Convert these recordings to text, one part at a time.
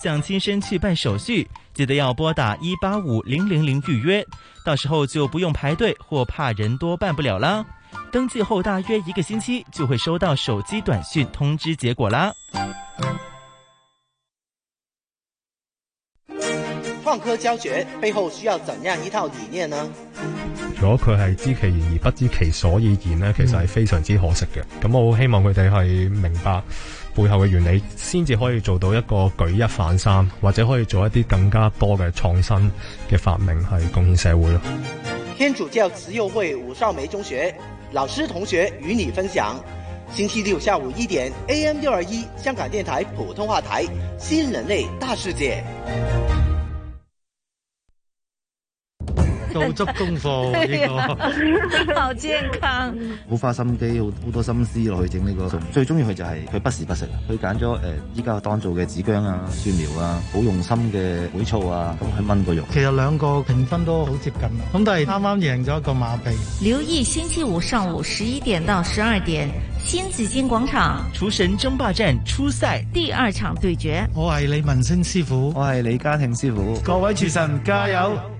想親身去辦手續，記得要撥打一八五零零零預約，到時候就不用排隊或怕人多辦不了啦。登記後大約一個星期就會收到手機短訊通知結果啦。創科教學背後需要怎樣一套理念呢？如果佢係知其然而不知其所以然呢，其實係非常之可惜嘅。咁我好希望佢哋係明白。背後嘅原理，先至可以做到一個舉一反三，或者可以做一啲更加多嘅創新嘅發明，係貢獻社會咯。天主教慈幼會伍少梅中學老師同學與你分享：星期六下午一點，AM 六二一香港電台普通話台《新人類大世界》。做足功夫呢、 啊這個 好健康，好花心機，好好多心思落去整呢個。最中意佢就係佢不時不食，佢揀咗誒、依、呃、家當做嘅紫薑啊、蒜苗啊，好用心嘅海醋啊，咁去炆個肉。嗯、其實兩個評分都好接近、啊，咁但係啱啱贏咗一個馬鼻。留意星期五上午十一點到十二點，新紫荊廣場廚神爭霸戰初賽第二場對決。我係李文星師傅，我係李家慶師傅，各位廚神，主神加油！加油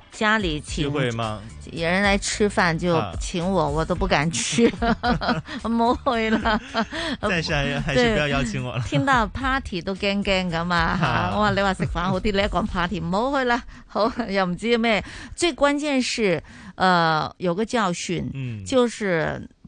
家裏請有人來吃飯就請我，啊、我都不敢去，了冇去啦。 再下一個 還是不要邀請我了。對聽到 party 都驚驚㗎嘛？啊啊、我話你話食飯好啲，你一 講 party 唔好去啦。好，又唔知咩。最關鍵是，呃，有個教訓，嗯，就是。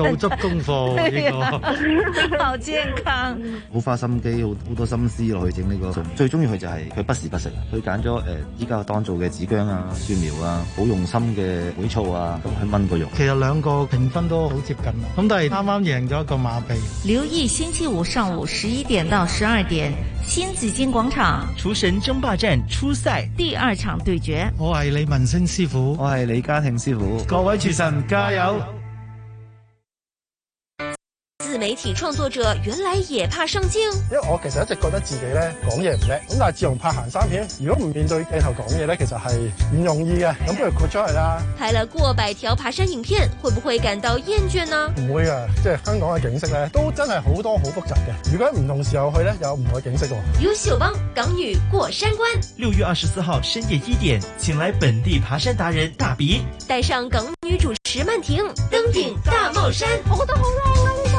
做足功課好健康，好 花心機，好好多心思落去整呢個。最中意佢就係、係、佢不時不食，佢揀咗誒依家當造嘅子薑啊、蒜苗啊，好用心嘅海醋啊去炆個肉。 其實兩個評分都好接近，咁但係啱啱贏咗一個馬鼻。留意星期五上午十一點到十二點，新紫荊廣場廚神爭霸戰初賽第二場對決。我係李文星師傅，我係李家慶師傅，各位廚神，神加油！自媒體創作者原來也怕上鏡，因為我其實一直覺得自己咧講嘢唔叻，咁但係自從拍行山片，如果唔面對鏡頭講嘢咧，其實係唔容易嘅，咁不如豁出去啦。拍了過百條爬山影片，會唔會感到厭倦呢？唔會啊，即係香港嘅景色咧，都真係好多好複雜嘅，如果唔同時候去咧，有唔同嘅景色嘅、哦。優秀幫港女過山關，六月二十四號深夜一點，請來本地爬山達人大比，帶上港女主持曼婷登頂大帽山，茂山哦、我覺得好冷啊！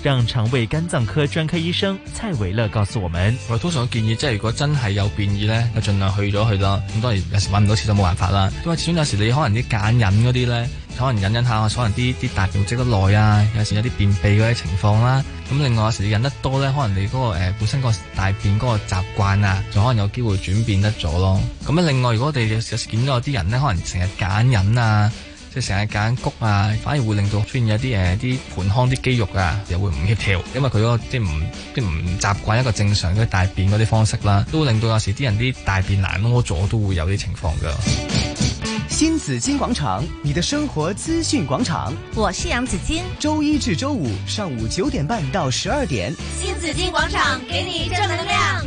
讓腸胃肝臟科專科醫生蔡維樂告訴我們：我通常我建議即係如果真係有便意呢，就盡量去咗去咯。咁當然有時揾唔到廁所就冇辦法啦。咁啊始終有時你可能啲揀忍嗰啲呢，可能忍忍下，可能啲啲大便積得耐啊，有時有啲便秘嗰啲情況啦。咁另外有時你忍得多呢，可能你嗰、嗰個誒、呃、本身個大便嗰個習慣啊，就可能有機會轉變得咗咯。咁另外如果我哋有,有時見到有啲人呢，可能成日揀忍啊。成日揀谷啊，反而會令到出現有啲誒啲盆腔啲肌肉啊，又會唔協調，因為佢嗰啲唔啲唔習慣一個正常嘅大便嗰啲方式啦，都會令到有時啲人啲大便難屙咗，都會有啲情況噶。新紫荊廣場，你的生活資訊廣場，我是楊子矜，周一至周五上午九點半到十二點，新紫荊廣場給你正能量。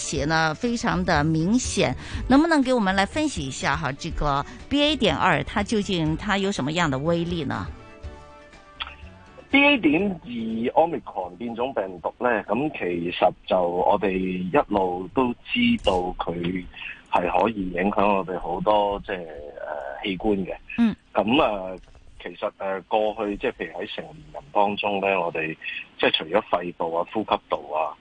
寫呢非常的明顯，能不能給我們來分析一下哈？這個 B A 點二，它究竟它有什麼樣的威力呢？B A 點二 Omicron 變種病毒咧，咁其實就我哋一路都知道佢係可以影響我哋好多即係誒器官嘅。嗯，咁啊。其實誒過去即係譬如喺成年人當中咧，我哋即係除咗肺部啊、呼吸道啊，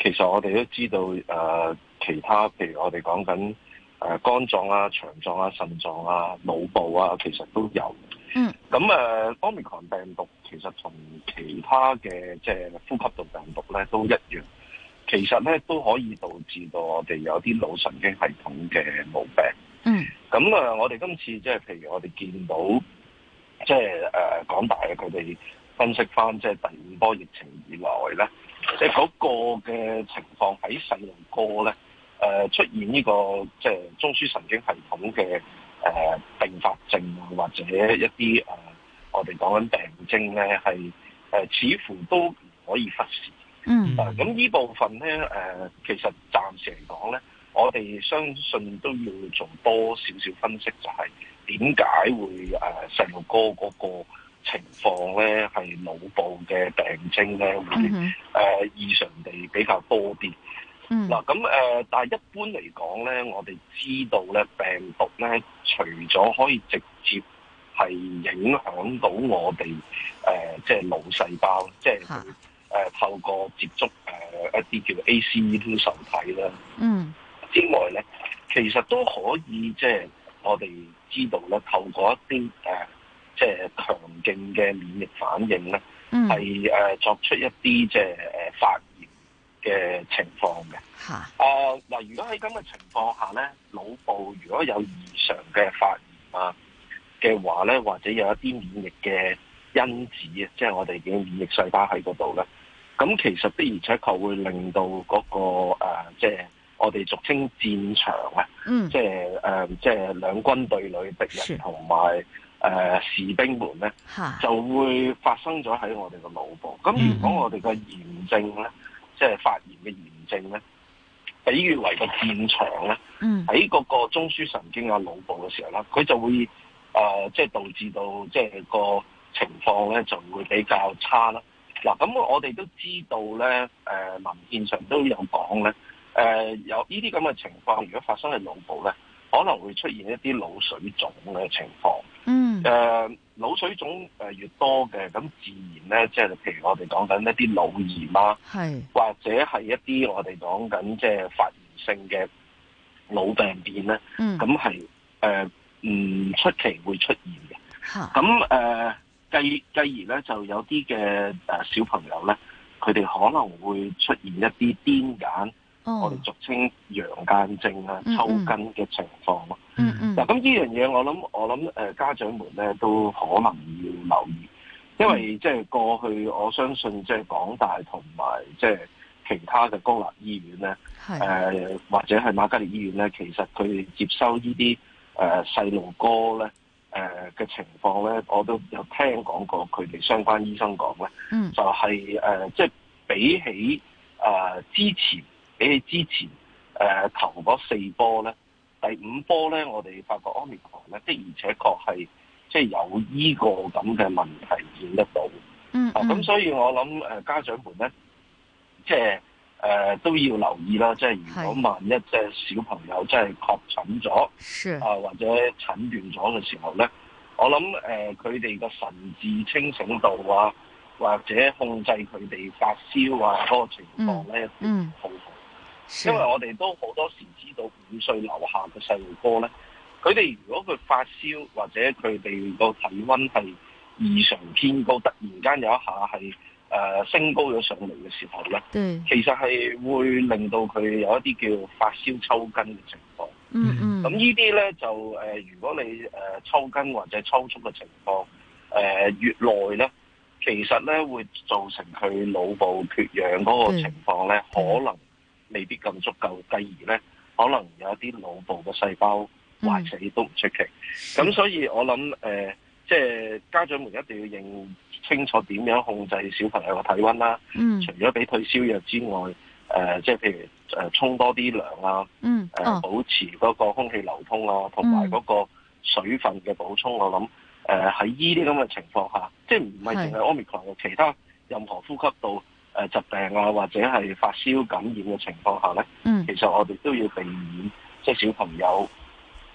其實我哋都知道誒、呃、其他，譬如我哋講緊誒、呃、肝臟啊、腸臟啊、腎臟啊、腦部啊，其實都有。嗯，咁誒，奧密克戎病毒其實同其他嘅即係呼吸道病毒咧都一樣，其實咧都可以導致到我哋有啲腦神經系統嘅毛病。嗯，咁啊，我哋今次即係譬如我哋見到。即係誒講大嘅佢哋分析翻，即係第五波疫情以來咧，即係嗰、那個嘅情況喺細路哥咧、呃、出現呢、這個即係中樞神經系統嘅誒併發症或者一啲誒、呃、我哋講緊病徵咧，係、呃、似乎都唔可以忽視。嗯、mm. 呃。咁呢部分咧、呃、其實暫時嚟講咧，我哋相信都要做多少少分析，就係、是。點解會誒細路哥嗰個情況咧係腦部嘅病徵咧，會誒、mm hmm. 呃、異常地比較多啲。嗱咁誒，但係、呃、一般嚟講咧，我哋知道咧，病毒咧除咗可以直接係影響到我哋誒，即係腦細胞，即係誒透過接觸誒、呃、一啲叫 ACE2 受體啦，嗯、mm，hmm. 之外咧，其實都可以即係。呃我哋知道咧，透過一啲誒，即係強勁嘅免疫反應咧，係誒作出一啲即係誒發炎嘅情況嘅。嚇，誒嗱，如果喺咁嘅情況下咧，腦部如果有異常嘅發炎啊嘅話咧，或者有一啲免疫嘅因子，即係我哋嘅免疫細胞喺嗰度咧，咁其實的而且確會令到嗰個即係。呃即係我哋俗稱戰場啊、嗯呃，即即兩軍對壘敵人同埋、呃、士兵們咧，是就會發生咗喺我哋個腦部。咁、嗯、如果我哋個炎症咧，嗯、即係發炎嘅炎症咧，比喻為個戰場咧，喺嗰、嗯、個中樞神經啊腦部嘅時候啦，佢就會、呃、即導致到即個情況咧就會比較差啦。嗱、啊，咁我哋都知道咧，誒文獻上都有講咧。誒、呃、有呢啲咁嘅情況，如果發生喺腦部咧，可能會出現一啲腦水腫嘅情況。嗯。誒腦、呃、水腫越多嘅，咁自然咧，即係譬如我哋講緊一啲腦炎啦，是或者係一啲我哋講緊即係發炎性嘅腦病變咧。咁係誒唔出奇會出現嘅。咁誒、呃、繼，繼而咧，就有啲嘅誒小朋友咧，佢哋可能會出現一啲癲癇。Oh. 我哋俗稱羊癇症啊、抽筋嘅情況咯。嗱、mm，咁、hmm. 呢、mm hmm. 樣嘢，我諗我諗家長們咧都可能要留意，mm hmm. 因為即係過去我相信即係港大同埋即係其他嘅公立醫院咧、mm hmm. 呃，或者係瑪嘉烈醫院咧，其實佢接收、呃、呢啲誒細路哥咧誒嘅情況咧，我都有聽講過佢哋相關醫生講咧、mm hmm. 就係呃，就係誒即係比起誒、呃、之前。比起之前，誒、呃，頭嗰四波咧，第五波咧，我哋發覺 Omicron 咧，的而且確係，即、就是、有依個咁嘅問題見得到。嗯。咁、嗯啊、所以我諗誒、呃、家長們咧，即誒、呃、都要留意啦。即如果萬一即是小朋友即係確診咗，是啊，或者診斷咗嘅時候咧，我諗誒佢哋嘅神志清醒度啊，或者控制佢哋發燒啊嗰、那個情況咧、嗯，嗯，好。因為我哋都好多時知道五歲以下嘅細路哥咧，佢哋如果佢發燒或者佢哋個體温係異常偏高，突然間有一下係、呃、升高咗上嚟嘅時候咧，其實係會令到佢有一啲叫發燒抽筋嘅情況。嗯嗯。咁呢啲咧就、呃、如果你呃、抽筋或者抽搐嘅情況誒越耐咧，其實咧會造成佢腦部缺氧嗰個情況咧可能。未必咁足夠，繼而咧，可能有一啲腦部嘅細胞壞死都唔出奇。咁、嗯、所以我，我諗即係家長們一定要認清楚點樣控制小朋友嘅體温啦、啊。嗯，除咗俾退燒藥之外，即、呃、係、就是、譬如誒，沖多啲涼啊，嗯，保持嗰個空氣流通啊，同埋嗰個水分嘅補充，嗯、我諗喺依啲咁嘅情況下，即係唔係淨係 Omicron 嘅其他任何呼吸道，誒疾病啊，或者係發燒感染嘅情況下咧，嗯、其實我哋都要避免即係、就是、小朋友。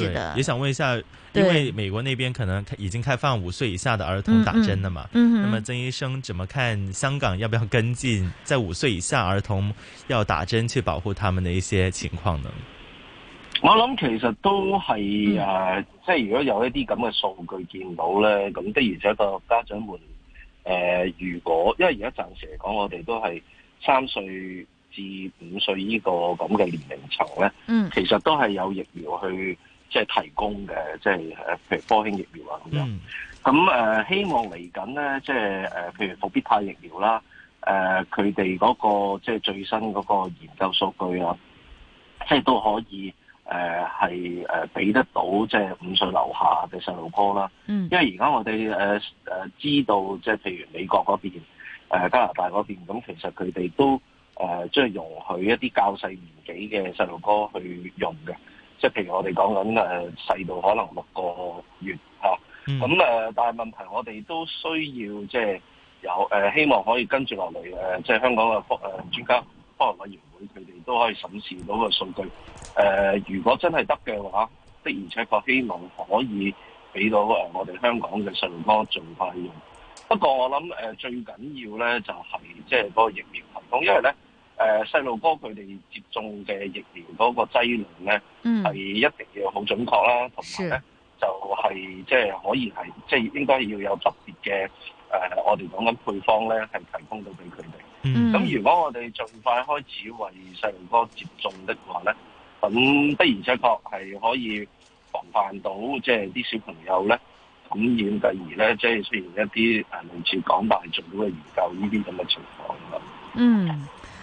對，是的也想問一下，對因為美國那邊可能已經開放五歲以下的兒童打針了嘛，嗯，嗯，那麼曾醫生怎麼看香港要不要跟進，在五歲以下兒童要打針去保護他們的一些情況呢？我諗其實都係誒、嗯呃，即係如果有一啲咁嘅數據見到咧，咁的而且確家長們誒、呃，如果因為而家暫時嚟講，我哋都係三歲至五歲呢個咁嘅年齡層咧，嗯，其實都係有疫苗去。即係提供嘅，即係誒，譬如科興疫苗啊咁樣。咁誒、嗯，希望嚟緊咧，即係誒，譬如復必泰疫苗啦，誒佢哋嗰個即係最新嗰個研究數據啊，即係都可以誒係誒俾得到即係五歲樓下嘅細路哥啦。嗯、因為而家我哋誒誒知道，即係譬如美國嗰邊、誒加拿大嗰邊，咁其實佢哋都誒即係容許一啲較細年紀嘅細路哥去用嘅。即係譬如我哋講緊誒細到可能六個月嚇，咁誒、嗯、但係問題我哋都需要即係有誒希望可以跟住落嚟誒，即係香港嘅科誒專家科學委員會佢哋都可以審視到個數據誒，如果真係得嘅話，的而且確希望可以俾到誒我哋香港嘅信託盡快用。不過我諗誒最緊要咧就係即係個疫苗分發，嗯、因為咧。誒，細路哥、啊、佢哋接種嘅疫苗嗰個劑量咧，係、嗯、一定要好準確啦、啊，同埋咧就係即係可以係即係應該要有特別嘅誒，我哋講緊配方咧係提供到俾佢哋。咁、嗯、如果我哋盡快開始為細路哥接種的話咧，咁的而且確係可以防範到即係啲小朋友咧感染，然第二咧即係出現一啲誒類似港大做到嘅研究這些呢啲咁嘅情況咯。嗯。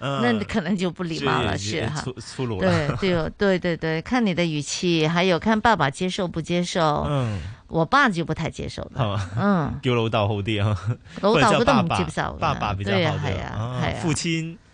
嗯，那你可能就不禮貌了，也是哈、啊，對對，哦、對，對對，看你的語氣，還有看爸爸接受不接受。嗯，我爸就不太接受的，嗯，叫老豆好啲啊。老豆、嗯，我都唔接受。爸爸，爸，爸，爸爸比較好啲啊，父親。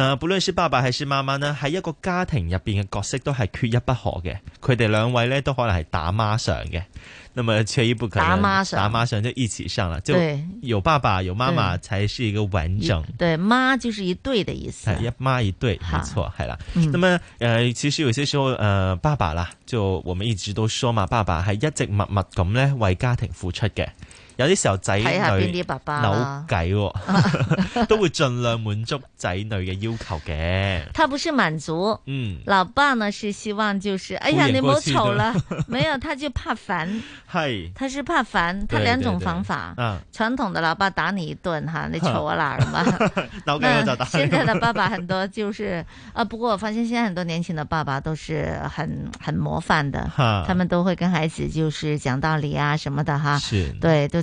啊、呃，不論是爸爸還是媽媽呢，喺一個家庭入邊嘅角色都係缺一不可嘅。佢哋兩位咧都可能係打孖上嘅，那麼啊，缺一不可。打孖上，打孖上就一起上了。對，有爸爸有媽媽才是一個完整。對，孖就是一對的意思。係，孖一,一對，冇錯，係啦好。咁啊，誒、呃，其實有些時候誒、呃，爸爸啦，就我們一直都說嘛，爸爸係一直默默咁咧為家庭付出嘅。有啲時候仔女扭計、哦，都會盡量滿足仔女嘅要求嘅。 他不是滿足，嗯，老爸呢是希望就是，哎呀你唔好醜啦， 沒有，他就怕煩，係， 他是怕煩，他兩種方法，對對對啊、傳統的老爸打你一頓，哈，你丑我啦嘛，現在的爸爸很多就是，啊，不過我發現現在很多年輕的爸爸都是很很模範的， 他們都會跟孩子就是講道理啊，什麼的，哈了，是對都。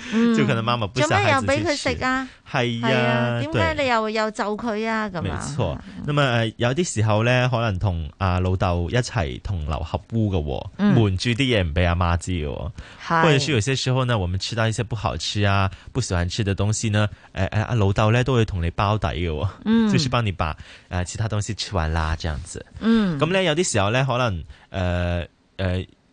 就可能媽媽點解又俾佢食啊？係啊，點解對你又又就佢啊？咁啊錯，沒錯、嗯。咁啊，有啲時候咧，可能同阿老豆一齊同流合污噶、哦，瞞住啲嘢唔俾阿媽知噶、哦。是或者說，有些時候呢，我們吃到一些不好吃啊、不喜歡吃嘅東西呢，誒、呃、誒，阿、啊、老豆咧都會同你包底噶、哦，嗯，就是幫你把誒、呃、其他東西吃完啦，這樣子。嗯，咁咧有啲時候咧，可能誒誒。呃呃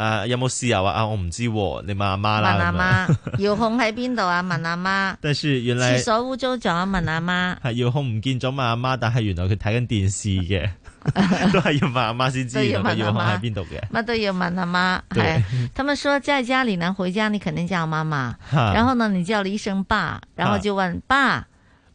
誒、啊，有冇事啊？啊，我唔知、啊，你問阿媽啦。問阿媽，遙控喺邊度啊？問阿媽。但是原來廁所污糟咗，啊、問阿媽。係遙控唔見咗，問阿媽。但係原來佢睇緊電視嘅，都係要問阿媽先知。要問喺邊度嘅？乜都要問阿媽。係，對他們說，在家裏能回家你肯定叫媽媽， 然後呢，你叫了一聲爸，然後就問、啊、爸。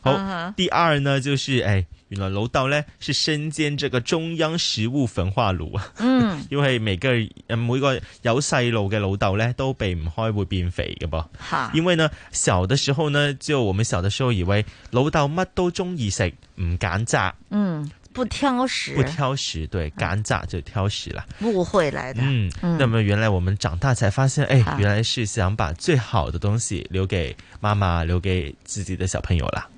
好，第二呢，就是誒、哎，原來老豆呢是身兼這個中央食物焚化爐，嗯，因為每個每個有細路嘅老豆呢都避唔開會變肥嘅噃，哈因為呢小的時候呢，就我們小的時候以為老豆乜都中意食唔揀擇，嗯。不挑食，不挑食，對，尷尬就挑食了，誤、啊、會來的。嗯，那麼原來我們長大才發現，嗯、哎，原來是想把最好的東西留給媽媽，留給自己的小朋友了。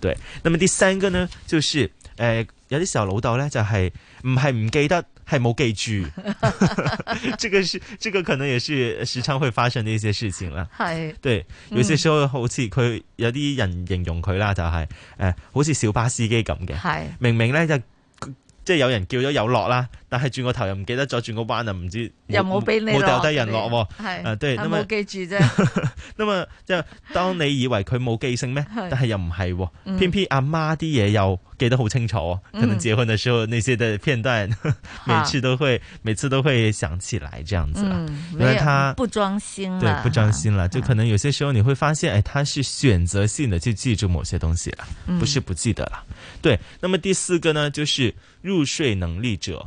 對，那麼第三個呢，就是，誒、呃，有啲小樓道老豆呢，就係唔係唔記得。係冇記住， 這個是，這個可能也是時常會發生的一些事情啦。係 是，對，有些時候好似佢有啲人形容佢啦，就是，就係誒，好似小巴司機咁嘅。係是，明明咧就即、是、係有人叫咗有落啦。但係轉個頭又唔記得再轉個彎啊！唔知又冇俾你落，冇掉低人落。係，啊，對，咁啊，冇記住啫。咁啊，即係當你以為佢冇記性咩？但係又唔係，偏偏阿媽啲嘢又記得好清楚。可能結婚嘅時候，那些的片段，每次都會，每次都會想起來這樣子。因為他不裝心，對，不裝心了，就可能有些時候你會發現，誒，他是選擇性的去記住某些東西啦，不是不記得啦。對，那麼第四個呢，就是入睡能力者。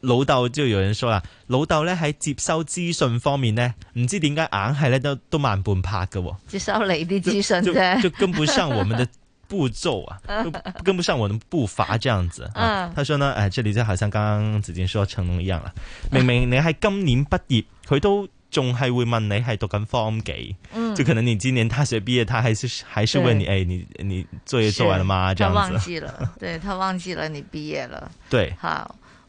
老豆就有人說叔啦，老豆咧喺接收資訊方面咧，唔知點解硬係咧都都慢半拍嘅，接收你啲資訊嘅，就跟不上我們的步驟啊，跟不上我的步伐，這樣子啊。他說呢，哎，這裏就好像剛剛子健說成龍一樣啦，明明你係今年畢業，佢都仲係會問你係讀緊方幾，嗯，就可能你今年大學畢業，他係還是還是問你誒，你你作業做完了嗎？這樣子，忘記了，對，他忘記了你畢業了，對，好。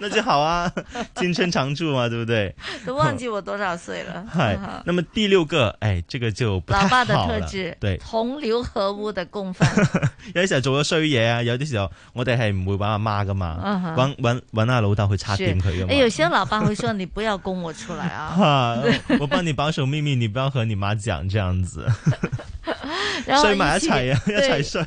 那就好啊，青春常駐嘛，對不對？都忘記我多少歲了。嗨，那麼第六個，哎，這個就老爸的特質，對，同流合污的共犯。有啲時候做咗衰嘢，啊，有啲時候我哋係唔會揾阿媽噶嘛，揾揾揾阿老豆去插點佢嘅嘛。有些老爸會說：“你不要供我出來啊，我幫你保守秘密，你不要和你媽講這樣子。”衰埋一齊啊，一齊衰。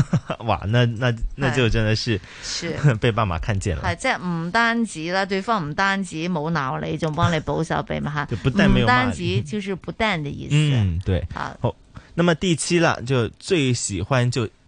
哇，那那那就真的是是被爸媽看見了。係即係唔單止啦，對方唔單止冇鬧你，仲幫你保守秘密吓。 就不但沒有罵你，唔單止就是不但的意思。嗯，對。好，好，那麼第七啦，就最喜歡就。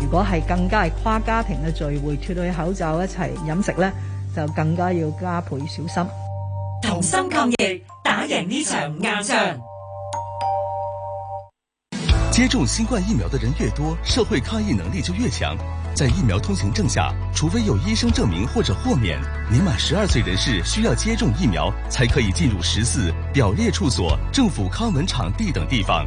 如果係更加係跨家庭嘅聚會，脫去口罩一齊飲食咧，就更加要加倍小心。同心抗疫，打贏呢場硬仗。接種新冠疫苗的人越多，社會抗疫能力就越強。在疫苗通行證下，除非有醫生證明或者豁免，年滿十二歲人士需要接種疫苗才可以進入食肆、表列處所、政府康文場地等地方。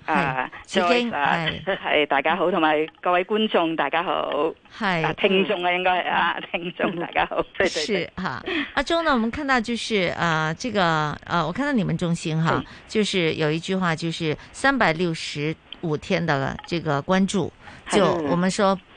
啊，各係、uh, uh, uh, 大家好，同埋各位觀眾大家好，係聽眾啊，應該係啊，聽眾、um, 啊、大家好，謝謝、um, 是哈、啊。阿中、啊、呢，我們看到就是啊，這個啊，我看到你們中心哈、啊，就是有一句話就是三百六十五天的這個關注，就我們說。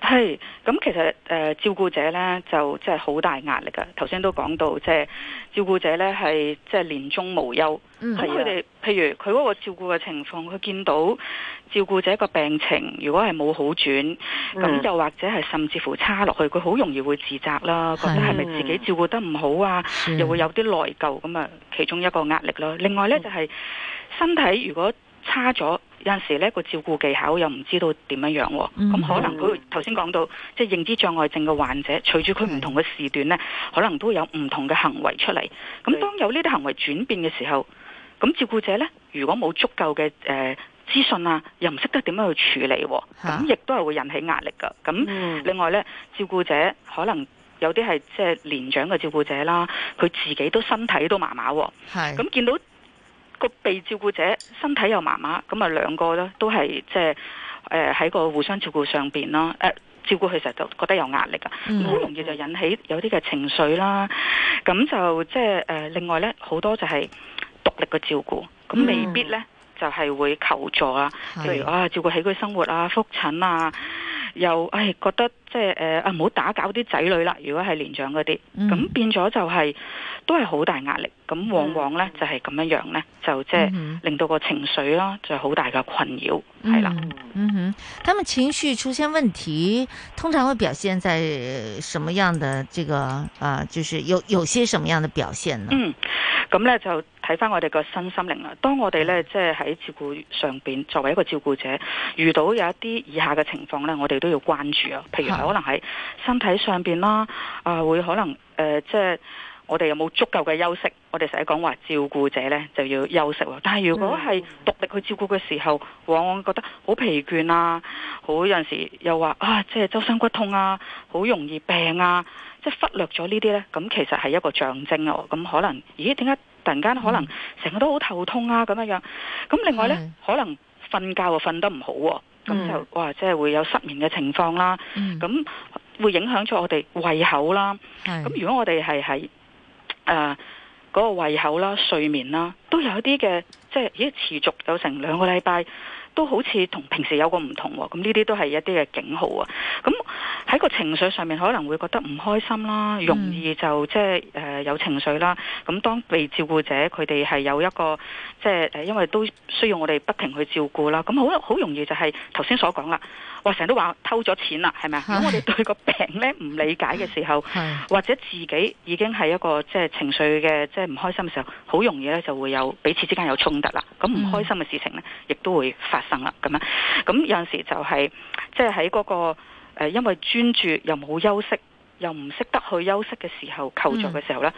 係，咁其實誒、呃、照顧者咧就即係好大壓力噶。頭先都講到即係照顧者咧係即係年中無休咁，佢哋譬如佢嗰個照顧嘅情況，佢見到照顧者個病情如果係冇好轉，咁、嗯、又或者係甚至乎差落去，佢好容易會自責啦，覺得係咪自己照顧得唔好啊？的又會有啲內疚咁啊，其中一個壓力囉。另外咧、嗯、就係身體如果。差咗有陣時咧個照顧技巧又唔知道點樣樣、啊，咁、mm hmm. 可能佢頭先講到即係、就是、認知障礙症嘅患者，隨住佢唔同嘅時段咧，mm hmm. 可能都有唔同嘅行為出嚟。咁、mm hmm. 當有呢啲行為轉變嘅時候，咁照顧者咧如果冇足夠嘅誒資訊啊，又唔識得點樣去處理、啊，咁亦 Huh? 都係會引起壓力噶。咁另外咧，mm hmm. 照顧者可能有啲係即係年長嘅照顧者啦，佢自己都身體都麻麻、啊，係咁、mm hmm. 見到。個被照顧者身體又麻麻，咁啊兩個咧都係即係誒喺個互相照顧上面啦、呃。照顧佢成日就覺得有壓力噶，好、嗯、容易就引起有啲嘅情緒啦。咁就即係誒另外咧好多就係獨立嘅照顧，咁未必咧就係、是、會求助啊。譬如啊照顧起佢生活啊、覆診啊，又誒、哎、覺得。即係誒啊，唔好、呃、打攪啲仔女啦。如果係年長嗰啲，咁、嗯、變咗就係、是、都係好大壓力。咁往往咧、嗯、就係咁樣樣咧，就即係令到個情緒啦，就好大嘅困擾係啦。嗯哼，他們情緒出現問題，通常會表現在什麼樣的這個啊？就是有有些什麼樣的表現呢？嗯，咁咧就。睇翻我哋個身心靈啦。當我哋咧，即係喺照顧上邊，作為一個照顧者，遇到有一啲以下嘅情況咧，我哋都要關注啊。譬如可能喺身體上邊啦，啊會可能誒、呃，即係我哋有冇足夠嘅休息？我哋成日講話照顧者咧就要休息喎。但係如果係獨力去照顧嘅時候，往往覺得好疲倦啊，好有陣時又話啊，即係周身骨痛啊，好容易病啊，即係忽略咗呢啲咧，咁其實係一個象徵啊。咁可能咦？點解？突然間可能成日都好頭痛啊咁樣樣，咁另外呢，的可能瞓覺就瞓啊瞓得唔好，咁、嗯、就哇即係、就是、會有失眠嘅情況啦，咁、嗯、會影響咗我哋胃口啦。咁的如果我哋係喺嗰個胃口啦、睡眠啦，都有一啲嘅即係已經持續有成兩個禮拜。都好似同平時有個唔同喎，咁呢啲都係一啲嘅警號啊！咁喺個情緒上面可能會覺得唔開心啦，容易就即係誒有情緒啦。咁當被照顧者佢哋係有一個即係誒，因為都需要我哋不停去照顧啦。咁好好容易就係頭先所講啦。都說我成日都話偷咗錢啦，係咪啊？咁是我哋對個病咧唔理解嘅時候，是或者自己已經係一個即、就是、情緒嘅即係唔開心嘅時候，好容易咧就會有彼此之間有衝突啦。咁唔開心嘅事情咧，嗯、亦都會發生啦。咁樣咁有陣時就係即係喺嗰個、呃、因為專注又冇休息，又唔識得去休息嘅時候，求助嘅時候咧，嗯、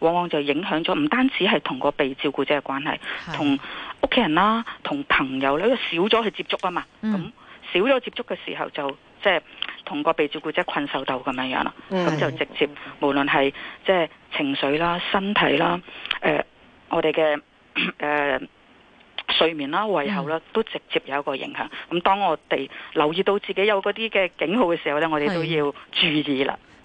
往往就影響咗唔單止係同個被照顧者嘅關係，同屋企人啦、啊，同朋友咧、啊啊，因為少咗去接觸啊嘛，咁、嗯。嗯少咗接觸嘅時候，就即係同個被照顧者困獸鬥咁樣樣啦，咁就直接是的無論係即係情緒啦、身體啦、誒、呃、我哋嘅誒睡眠啦、胃口啦，的都直接有一個影響。咁當我哋留意到自己有嗰啲嘅警號嘅時候咧，我哋都要注意啦。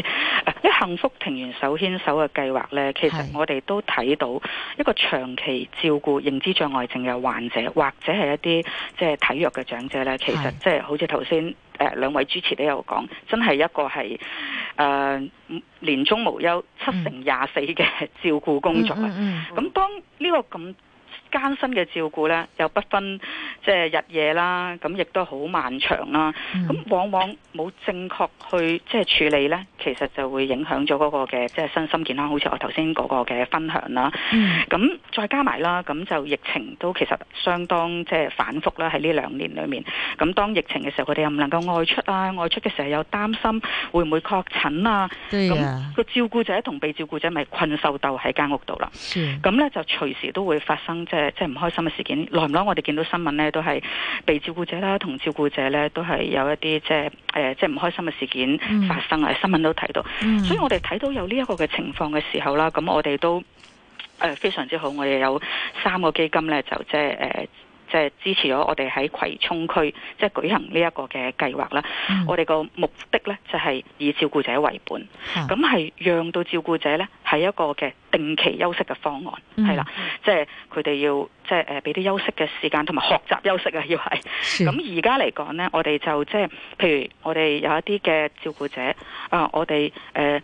係，幸福庭園手牽手嘅計劃咧，其實我哋都睇到一個長期照顧認知障礙症嘅患者，或者係一啲即係體弱嘅長者咧，其實即係好似頭先誒兩位主持都有講，真係一個係誒、呃、年中無休七成廿四嘅照顧工作啊！咁、嗯嗯嗯、當呢個咁。艱辛嘅照顧咧，又不分即係日夜啦，咁亦都好漫長啦。咁、嗯、往往冇正確去即係處理咧，其實就會影響咗嗰個嘅即係身心健康。好似我頭先嗰個嘅分享啦。咁、嗯、再加埋啦，咁就疫情都其實相當即係反覆啦。喺呢兩年裏面，咁當疫情嘅時候，佢哋又唔能夠外出啊，外出嘅時候又擔心會唔會確診啊。咁個對呀 照顧者同被照顧者咪困獸鬥喺間屋度啦。咁咧的就隨時都會發生。誒、呃，即係唔開心嘅事件，耐唔耐我哋見到新聞咧，都係被照顧者啦，同照顧者咧，都係有一啲即係誒，即係唔、呃、開心嘅事件發生啊！Mm. 新聞都睇到，mm. 所以我哋睇到有呢一個嘅情況嘅時候啦，咁我哋都誒、呃、非常之好，我哋有三個基金咧，就即係誒。呃即係支持咗我哋喺葵涌區即係舉行呢一個嘅計劃啦。我哋個目的呢，就係以照顧者為本，咁係讓到照顧者呢，係一個嘅定期休息嘅方案，係啦，即係佢哋要即係誒俾啲休息嘅時間，同埋學習休息啊，要係。咁而家嚟講呢，我哋就即係譬如我哋有一啲嘅照顧者啊，我哋誒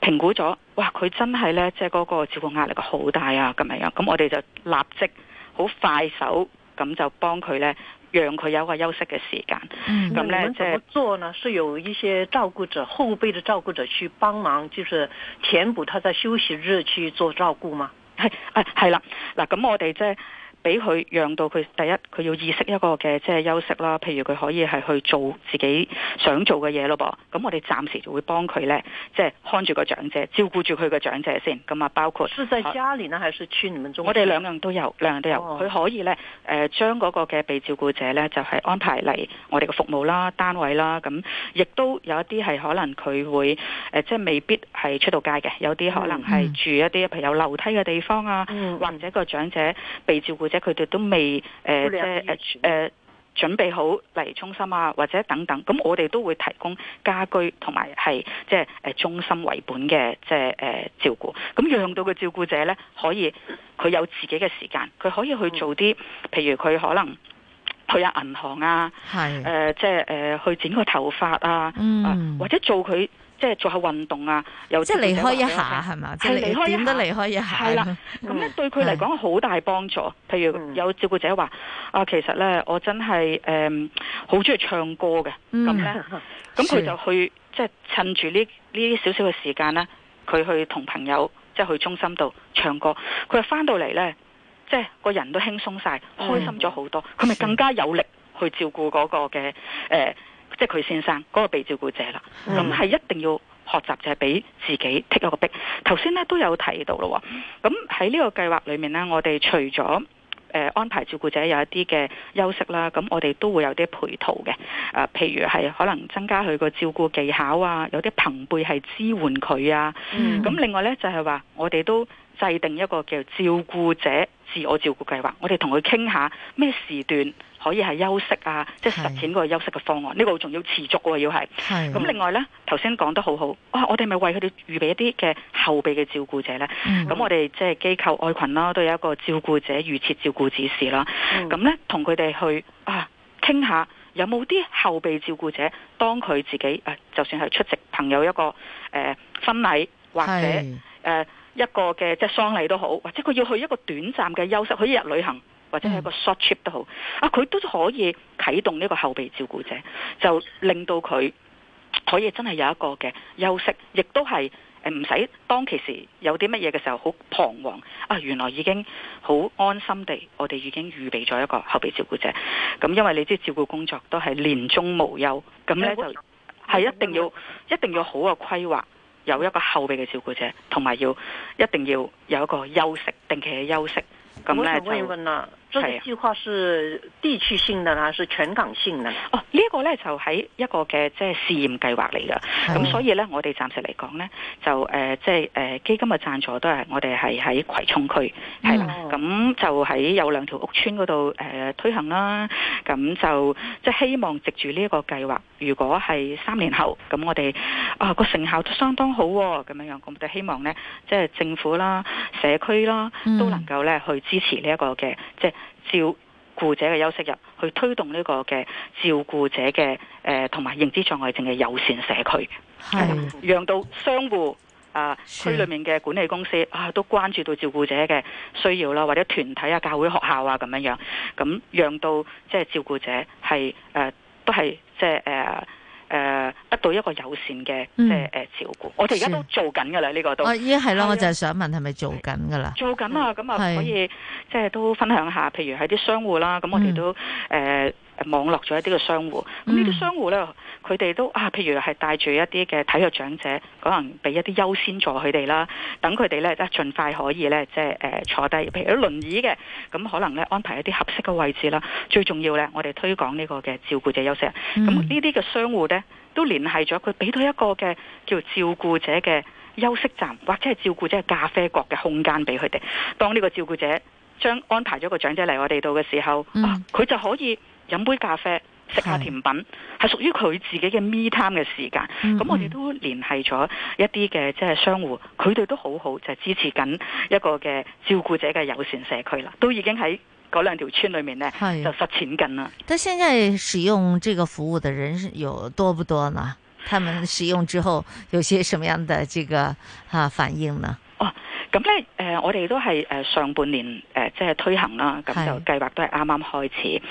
評估咗，哇！佢真係呢，即係嗰個照顧壓力好大啊咁樣，咁我哋就立即好快手。咁就幫佢咧，讓佢有個休息嘅時間。咁咧點樣做呢？是有一些照顧者後備的照顧者去幫忙，就是填補他在休息日去做照顧嗎？係、嗯嗯、啊，係啦、啊，嗱、嗯，咁我哋即俾佢讓到佢第一，佢要意識一個嘅即係休息啦。譬如佢可以係去做自己想做嘅嘢咯噃。咁我哋暫時就會幫佢咧，即係看住個長者，照顧住佢個長者先。咁啊，包括實年啊，係算全我哋兩樣都有，兩樣都有。佢、oh. 可以咧，誒將嗰個嘅被照顧者咧，就係安排嚟我哋嘅服務啦、單位啦。咁亦都有一啲係可能佢會誒、呃，即係未必係出到街嘅。有啲可能係住一啲譬、mm hmm. 如有樓梯嘅地方啊，mm hmm. 或者個長者被照顧。或者佢哋都未誒，即係誒誒準備好嚟中心啊，或者等等。咁我哋都會提供家居同埋係即係誒中心為本嘅即係誒照顧，咁讓到嘅照顧者咧，可以佢有自己嘅時間，佢可以去做啲，嗯、譬如佢可能去下銀行啊，係誒即係誒去剪個頭髮啊，嗯，或者做佢。即係做下運動啊！又即係離開一下係嘛？係離開一下。點都離開一下。係啦了，咁咧、嗯、對佢嚟講好大幫助。譬如有照顧者話：嗯、啊，其實咧我真係誒好中意唱歌嘅。咁咧、嗯，咁佢、嗯、就去即係、就是、趁住呢呢啲少少嘅時間咧，佢去同朋友即係、就是、去中心度唱歌。佢就翻到嚟咧，即係個人都輕鬆晒，開心咗好多。佢咪、嗯、更加有力去照顧嗰個嘅誒。呃即係佢先生嗰個被照顧者啦，咁係一定要學習就係、是、俾自己剔咗個壁。頭先咧都有提到咯，咁喺呢個計劃裡面咧，我哋除咗誒安排照顧者有一啲嘅休息啦，咁我哋都會有啲配套嘅，誒譬如係可能增加佢個照顧技巧啊，有啲朋輩係支援佢啊，咁另外咧就係話我哋都制定一個叫照顧者自我照顧計劃，我哋同佢傾下咩時段。可以係休息啊，即係實踐個休息嘅方案。呢是個仲要，要持續喎、啊，要係是。咁另外呢，頭先講得好好啊，我哋係咪為佢哋預備一啲嘅後備嘅照顧者呢？咁、嗯、我哋即係機構愛群啦，都有一個照顧者預設照顧指示啦。咁、嗯、呢，同佢哋去啊，傾下有冇啲後備照顧者當佢自己啊，就算係出席朋友一個誒、呃、婚禮或者誒是、呃、一個嘅即係喪禮都好，或者佢要去一個短暫嘅休息，去一日旅行。或者係一個 short trip 都好，啊，佢都可以啟動呢個後備照顧者，就令到佢可以真係有一個嘅休息，亦都係誒唔使當其時有啲乜嘢嘅時候好彷徨啊！原來已經好安心地，我哋已經預備咗一個後備照顧者。咁、嗯、因為你知照顧工作都係年終無休，咁呢就係、是、一定要一定要好嘅規劃，有一個後備嘅照顧者，同埋要一定要有一個休息，定期嘅休息。咁呢就。呢個計劃係地區性的啦，係全港性的呢。哦，呢、這個、一個咧就喺一個嘅即係試驗計劃嚟嘅。咁的所以呢，我哋暫時嚟講呢，就誒即係誒基金嘅贊助都係我哋係喺葵涌區，係啦。咁、哦、就喺有兩條屋村嗰度誒推行啦。咁就即係、就是、希望藉住呢一個計劃，如果係三年後咁，那我哋啊個成效都相當好咁、哦、樣樣。我哋希望呢，即、就、係、是、政府啦、社區啦，都能夠呢去支持呢、這、一個嘅即係。就是照顧者嘅休息日，去推動呢個嘅照顧者嘅誒同埋認知障礙症嘅友善社區，係的讓到商戶啊、呃、的區裏面嘅管理公司啊都關注到照顧者嘅需要啦，或者團體啊、教會、學校啊咁樣樣，咁讓到即係、即係、照顧者係誒、呃、都係即係誒。即係呃誒得到一個友善嘅即係誒照顧，嗯、我哋而家都做緊㗎喇，呢、這個都依家係咯。啊、以我就係想問係咪做緊㗎喇？做緊啊，咁啊、嗯、可以是即係都分享一下，譬如喺啲商戶啦，咁我哋都誒網絡咗一啲嘅商戶，咁呢啲商戶咧。佢哋都啊，譬如係帶住一啲嘅體育長者，可能俾一啲優先坐佢哋啦，等佢哋咧即係盡快可以咧，即係誒坐低。譬如輪椅嘅，咁、嗯、可能咧安排一啲合適嘅位置啦。最重要咧，我哋推廣呢個嘅照顧者休息。咁呢啲嘅商戶咧都聯繫咗，佢俾到一個嘅叫照顧者嘅休息站，或者係照顧者嘅咖啡角嘅空間俾佢哋。當呢個照顧者將安排咗個長者嚟我哋度嘅時候，啊，佢就可以飲杯咖啡。食下、啊、甜品，係屬於佢自己嘅 me time 嘅時間。咁、嗯嗯、我哋都聯繫咗一啲嘅即係商戶，佢哋都好好就是、支持緊一個嘅照顧者嘅友善社區啦。都已經喺嗰兩條村裏面咧，是就實踐緊啦。但，現在使用這個服務嘅人有多不多呢？他們使用之後有些什麼樣的這個啊反應呢？哦，咁咧誒，我哋都係誒上半年誒、呃、即係推行啦，咁就計劃都係啱啱開始，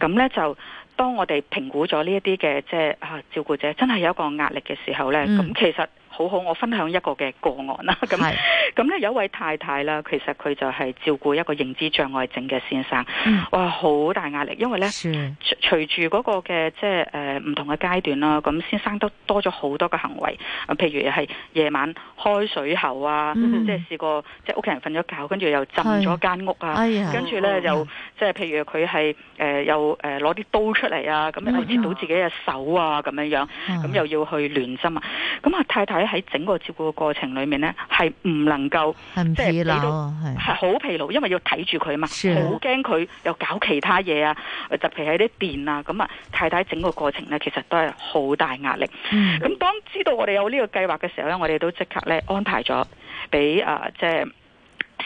咁咧是是就。當我哋評估咗呢一啲嘅即係啊照顧者真係有一個壓力嘅時候咧，咁、嗯、其實。好好，我分享一個嘅個案啦。咁係咁咧有位太太啦，其實佢就係照顧一個認知障礙症嘅先生，嗯、哇，好大壓力。因為咧是，隨隨住嗰個嘅即係誒唔同嘅階段啦，咁先生都多咗好多嘅行為，譬如係夜晚開水喉啊、嗯，即係試過即係屋企人瞓咗覺，是跟住、哎、呦又浸咗間屋啊，跟住咧又即係譬如佢係誒又誒攞啲刀出嚟啊，咁又、哎、呦切到自己嘅手啊，咁樣樣，咁、嗯、又要去亂心啊。咁啊，太太。喺整個照顧嘅過程裏面咧，係唔能夠即係啦，係好、嗯、疲勞，是因為要睇住佢啊嘛，好驚佢又搞其他嘢啊，特別喺啲電啊咁啊，太太整個過程咧其實都係好大壓力。咁、嗯、當知道我哋有呢個計劃嘅時候咧，我哋都即刻咧安排咗俾啊，即係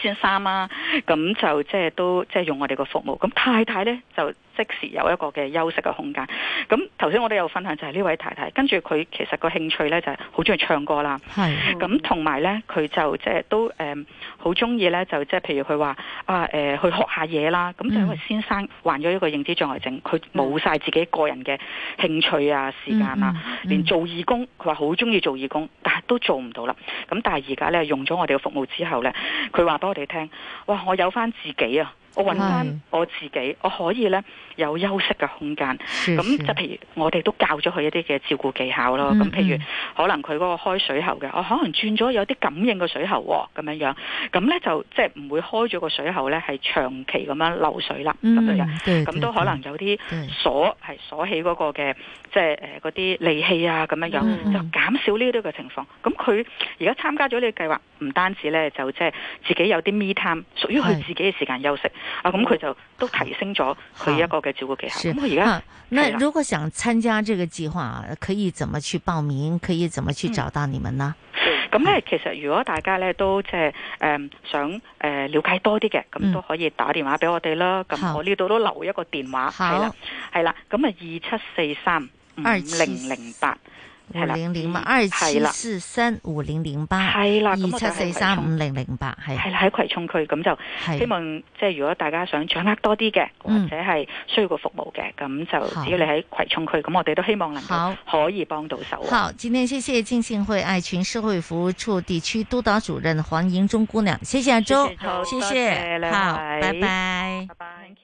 先生啊，咁就即係都即係用我哋個服務。咁太太咧就。即時有一個嘅休息嘅空間。咁頭先我都有分享就係呢位太太，跟住佢其實個興趣咧就係好中意唱歌啦。咁同埋咧，佢就即係都誒好中意咧，嗯、就即係譬如佢話啊、呃、去學下嘢啦。咁就因為先生患咗一個認知障礙症，佢冇晒自己個人嘅興趣啊、時間啊，連做義工，佢話好中意做義工，但係都做唔到啦。咁但係而家咧用咗我哋嘅服務之後咧，佢話俾我哋聽，哇！我有翻自己啊！我揾翻我自己，是我可以咧。有休息嘅空間，咁是就譬如我哋都教咗佢一啲嘅照顧技巧咯。咁、嗯、譬如可能佢嗰個開水喉嘅，我、哦、可能轉咗有啲感應嘅水喉咁樣樣，咁咧就即係唔會開咗個水喉咧係長期咁樣漏水啦。咁樣、嗯、樣，咁都對可能有啲鎖係對鎖起嗰個嘅，即係誒嗰啲利器啊咁樣樣，就減少呢啲嘅情況。咁佢而家參加咗呢個計劃，唔單止咧就即係自己有啲 me time，屬於佢自己嘅時間休息。是啊，咁佢就都提升咗佢一個嘅照顧技巧？咁而家，那如果想參加這個計劃，可以怎麼去報名？可以怎麼去找到你們呢？咁咧、嗯，啊、其實如果大家咧都即係誒想誒瞭、呃、解多啲嘅，咁都可以打電話俾我哋啦。咁、嗯、我呢度都留一個電話，係啦好，係啦吧。咁啊好，二七四三五零零八。二七四三五零零八，係啦，二七四三五零零八，係係喺葵涌區，咁就希望即係如果大家想掌握多啲嘅，或者係需要個服務嘅，咁就只要你喺葵涌區，咁我哋都希望能夠可以幫到手。好，今天謝謝浸信會愛羣社會服務處地區督導主任黃銀中姑娘，謝謝阿周，謝謝，好，拜拜，拜拜。.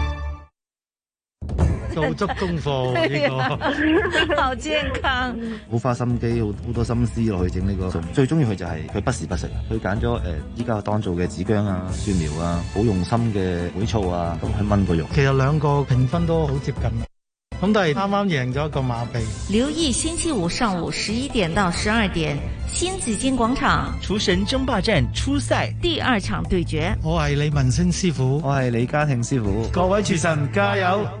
好足功課呢個好健康，好 花心機，好好多心思落去整呢個。最中意佢就係、是、佢不時不食，佢揀咗誒依家當做嘅紫薑啊、蒜苗啊，好用心嘅海醋啊，咁佢炆個肉。其實兩個評分都好接近，咁但係啱啱贏咗一個馬鼻，留意星期五上午十一點到十二點，新紫荊廣場廚神爭霸戰初賽第二場對決。我係李文星師傅，我係李家慶師傅，各位廚神加油！加油！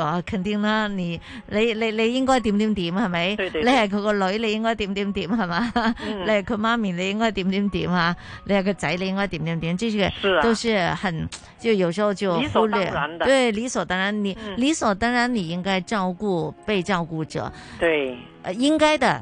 肯定啦，你你你你應該點點點係咪？對對對你係佢個女，你應該點點點係嘛？嗯、你係佢媽咪，你應該點點點啊？你係佢仔，你應該點點點，這些都是很是、啊、就有時候就忽略，對理所當然，理所當然你、嗯、理所當然你應該照顧被照顧者，對，應該的。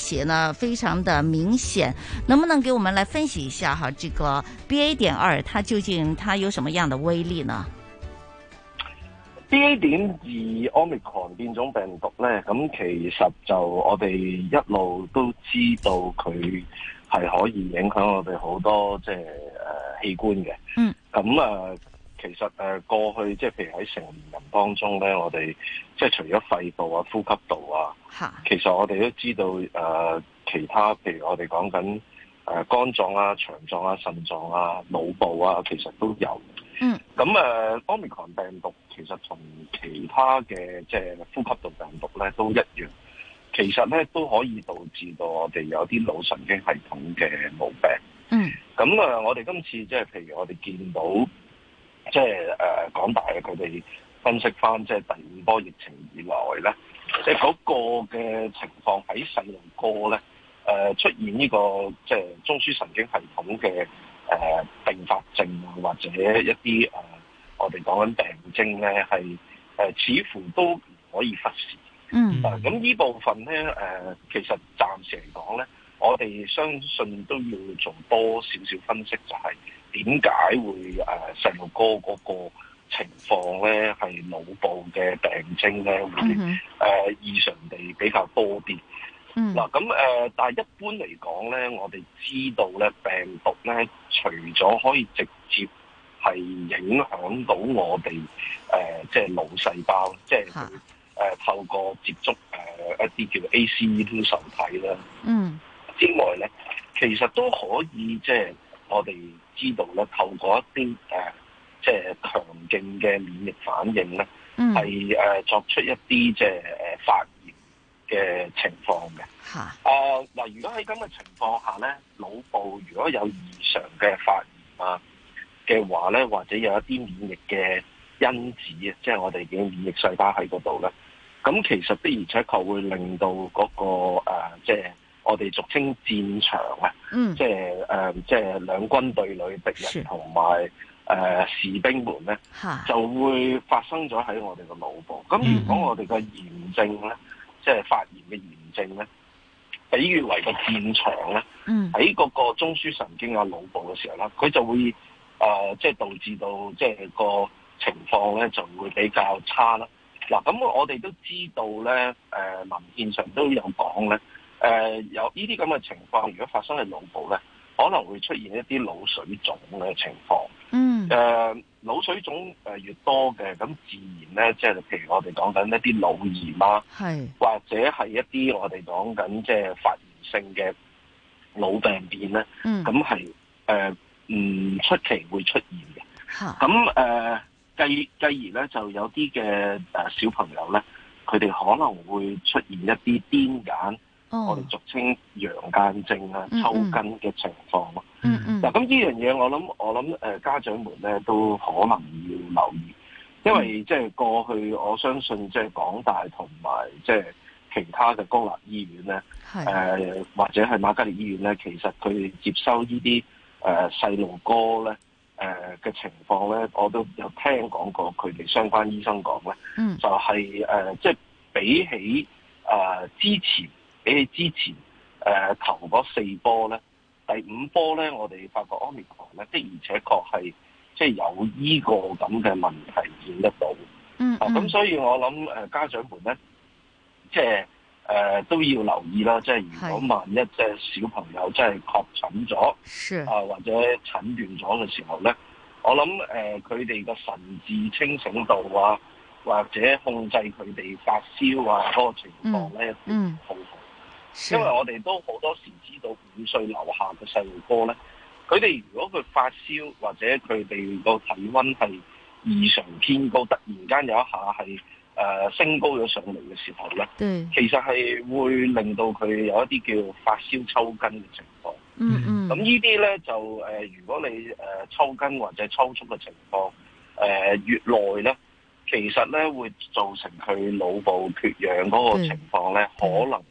寫呢非常的明顯，能不能給我們來分析一下哈？這個 B A 點二，它究竟它有什麼樣的威力呢？B A 點二 Omicron 變種病毒咧，咁其實就我哋一路都知道佢係可以影響我哋好多即係誒器官嘅。嗯，咁啊。其實誒過去即係譬如喺成年人當中咧，我哋即係除咗肺部啊、呼吸道啊，其實我哋都知道、呃、其他，譬如我哋講緊誒肝臟啊、腸臟啊、腎臟啊、腦部啊，其實都有。嗯，咁誒，奧密克戎病毒其實同其他嘅即係呼吸道病毒咧都一樣，其實咧都可以導致到我哋有啲腦神經系統嘅毛病。嗯，咁我哋今次即係譬如我哋見到。即係誒廣大嘅佢哋分析翻，即係第五波疫情以來咧，即係嗰個嘅情況喺細路哥咧呢、呃，出現呢、這個即係中樞神經系統嘅誒併發症或者一啲誒、呃、我哋講緊病徵咧係似乎都可以忽視。嗯。咁呢、啊、部分咧、呃、其實暫時嚟講咧，我哋相信都要做多少少分析、就是，就係。點解會誒細路哥嗰個情況咧係腦部嘅病徵咧會誒、mm hmm。呃、異常地比較多啲？嗱咁誒，但係、呃、一般嚟講咧，我哋知道咧病毒咧，除咗可以直接係影響到我哋誒，即、呃、係、就是、腦細胞，即係誒透過接觸誒、呃、一啲叫 ACE2 受體啦，嗯、mm，hmm。之外咧，其實都可以即係。呃我哋知道咧，透過一啲誒，即係強勁嘅免疫反應咧，係誒作出一啲即係誒發炎嘅情況嘅。嚇，誒嗱，如果喺咁嘅情況下咧，腦部如果有異常嘅發炎啊嘅話咧，或者有一啲免疫嘅因子，即係我哋嘅免疫細胞喺嗰度咧，咁其實的而且確會令到嗰個誒即係。我哋俗稱戰場啊、嗯呃，即係誒，即係兩軍對壘，敵人同埋誒士兵們咧，是就會發生咗喺我哋個腦部。咁、嗯、如果我哋個炎症咧，嗯、即係發炎嘅炎症咧，比喻為個戰場咧，喺嗰、嗯、個中樞神經啊腦部嘅時候咧，佢就會誒，即、呃、係、就是、導致到即係、就是、個情況咧，就會比較差啦。嗱、啊，咁我哋都知道咧，誒文獻上都有講咧。誒、呃、有呢啲咁嘅情況，如果發生喺腦部咧，可能會出現一啲腦水腫嘅情況。嗯。誒腦、呃、水腫越多嘅，咁自然咧，即係譬如我哋講緊一啲腦炎啦，是或者係一啲我哋講緊即係發炎性嘅腦病變咧。咁係誒唔出奇會出現嘅。咁誒哈、呃、繼繼而咧，就有啲嘅誒小朋友咧，佢哋可能會出現一啲癲癇。Oh. 我哋俗稱羊癇症啊、mm hmm. 抽筋嘅情況咯。嗱、mm，咁、hmm. 呢樣嘢我諗，我諗家長們咧都可能要留意，mm hmm. 因為即係過去我相信即係港大同埋即係其他嘅公立醫院咧、mm hmm. 呃，或者係瑪嘉烈醫院咧，其實佢哋接收、呃、呢啲誒細路哥咧誒嘅情況咧，我都有聽講過佢哋相關醫生講咧、mm hmm. 就係呃，就係誒即係比起誒、呃、之前。比起之前，誒、呃，頭嗰四波咧，第五波咧，我哋發覺 Omicron 咧，的而且確係即係有依個咁嘅問題見得到。嗯、嗯，咁、啊、所以我諗誒、呃、家長們咧，即係誒、呃、都要留意啦。即係如果萬一即係小朋友即係確診咗，是啊，或者診斷咗嘅時候咧，我諗誒佢哋嘅神志清醒度啊，或者控制佢哋發燒啊嗰、那個情況咧，一好、嗯嗯。因為我哋都好多時知道五歲樓下嘅細路哥咧，佢哋如果佢發燒或者佢哋個體温係異常偏高，突然間有一下係誒、呃、升高咗上嚟嘅時候咧，對 其實係會令到佢有一啲叫發燒抽筋嘅情況。嗯嗯，咁呢啲咧就誒、呃，如果你誒抽筋或者抽搐嘅情況，誒越耐咧，其實咧會造成佢腦部缺氧嗰個情況咧，對 可能。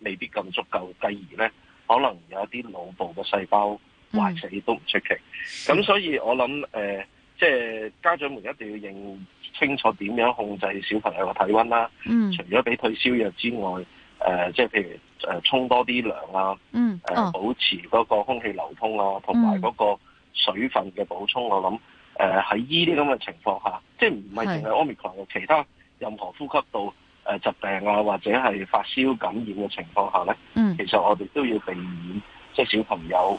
未必咁足夠，繼而咧，可能有一啲腦部嘅細胞壞死都唔出奇。咁、嗯、所以我想，我諗誒，即、就、係、是、家長們一定要認清楚點樣控制小朋友嘅體温啦、啊。嗯，除咗俾退燒藥之外，誒、呃，即、就、係、是、譬如誒，沖多啲涼啊，嗯，誒、哦呃，保持嗰個空氣流通啊，同埋嗰個水分嘅補充，嗯、我諗誒喺依啲咁嘅情況下，嗯、即係唔係淨係 Omicron 嘅的其他任何呼吸道。誒疾病啊，或者係發燒感染嘅情況下咧，嗯、其實我哋都要避免，即係、就是、小朋友。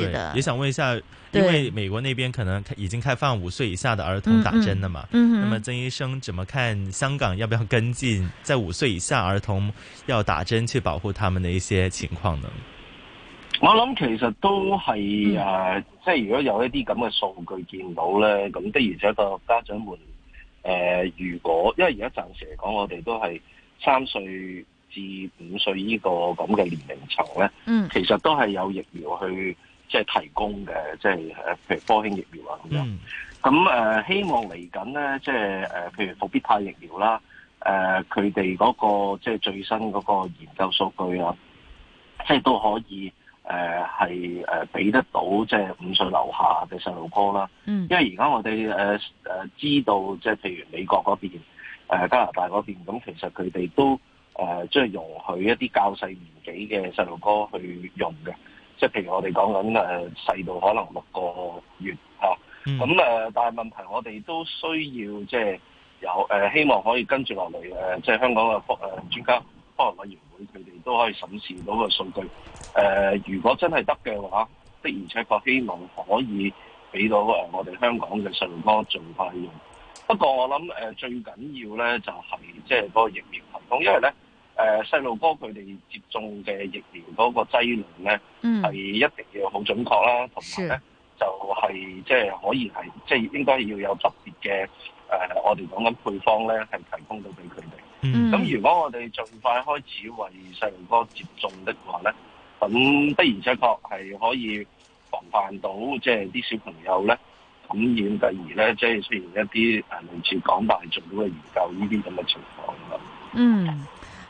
對，也想問一下，因為美國那邊可能已經開放五歲以下的兒童打針了嘛，嗯，嗯，那麼曾醫生怎麼看香港要不要跟進，在五歲以下兒童要打針去保護他們的一些情況呢？我諗其實都係誒、呃，即係如果有一啲咁嘅數據見到咧，咁的而且確家長們誒、呃，如果因為而家暫時嚟講，我哋都係三歲至五歲呢個咁嘅年齡層咧，嗯，其實都係有疫苗去。即係提供嘅，即係誒，譬如科興疫苗啊咁樣。咁誒、嗯，希望嚟緊咧，即係誒，譬如復必泰疫苗啦，誒佢哋嗰個即係最新嗰個研究數據啊，即係都可以誒係誒俾得到即係五歲樓下嘅細路哥啦。嗯、因為而家我哋誒誒知道，即係譬如美國嗰邊、誒加拿大嗰邊，咁其實佢哋都誒即係容許一啲較細年紀嘅細路哥去用嘅。即係譬如我哋講緊誒細到可能六個月嚇，咁、啊、誒、啊，但係問題我哋都需要即係、就是、有誒、呃，希望可以跟住落嚟誒，即、啊、係、就是、香港嘅科誒專家科學委員會佢哋都可以審視到個數據誒、啊。如果真係得嘅話，的而且確希望可以俾到誒、啊、我哋香港嘅信託盡快用。不過我諗誒、啊、最緊要咧就係即係個疫苗分發，因為咧。嗯。誒，細、啊、路哥佢哋接種嘅疫苗嗰個劑量咧，係、嗯、一定要好準確啦、啊，同埋咧就係即係可以係即係應該要有特別嘅誒，我哋講緊配方咧係提供到俾佢哋。咁、嗯、如果我哋盡快開始為細路哥接種的話咧，咁的而且確係可以防範到即係啲小朋友咧感染，第二咧即係出現一啲誒類似港大做到嘅研究這些呢啲咁嘅情況咯。嗯。